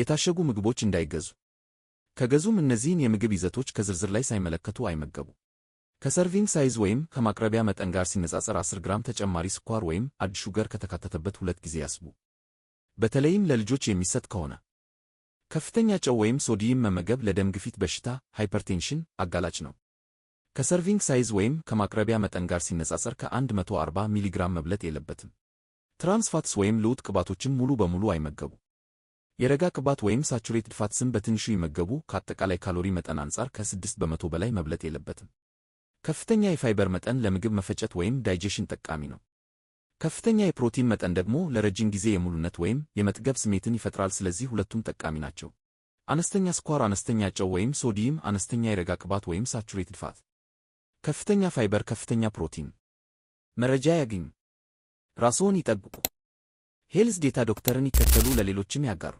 የታሸጉ ምግቦች እንዳይገዙ። ከገዙም እነዚህን የምግብ ይዘቶች ከዝርዝር ላይ ሳይመለከቱ አይመገቡ። ከሰርቪንግ ሳይዝ ወይም ከማቅረቢያ መጠን ጋር ሲነጻጸር 10 ግራም ተጨማሪ ስኳር ወይም አድ ሹገር ከተካተተበት ሁለት ጊዜ ያስቡ። በተለይም ለልጆች የሚሰጥ ከሆነ ከፍተኛ ጨው ወይም ሶዲየም መመገብ ለደም ግፊት በሽታ ሃይፐርቴንሽን አጋላጭ ነው። ከሰርቪንግ ሳይዝ ወይም ከማቅረቢያ መጠን ጋር ሲነጻጸር ከ140 ሚሊግራም መብለጥ የለበትም። ትራንስፋትስ ወይም ልውጥ ቅባቶችን ሙሉ በሙሉ አይመገቡ። የረጋ ቅባት ወይም ሳቹሬትድ ፋትስን በትንሹ ይመገቡ። ከአጠቃላይ ካሎሪ መጠን አንጻር ከ6 በመቶ በላይ መብለጥ የለበትም። ከፍተኛ የፋይበር መጠን ለምግብ መፈጨት ወይም ዳይጀሽን ጠቃሚ ነው። ከፍተኛ የፕሮቲን መጠን ደግሞ ለረጅም ጊዜ የሙሉነት ወይም የመጥገብ ስሜትን ይፈጥራል። ስለዚህ ሁለቱም ጠቃሚ ናቸው። አነስተኛ ስኳር፣ አነስተኛ ጨው ወይም ሶዲየም፣ አነስተኛ የረጋ ቅባት ወይም ሳቹሬትድ ፋት፣ ከፍተኛ ፋይበር፣ ከፍተኛ ፕሮቲን። መረጃ ያግኙ። ራስዎን ይጠብቁ። ሄልዝ ዴታ ዶክተርን ይከተሉ፣ ለሌሎችም ያጋሩ።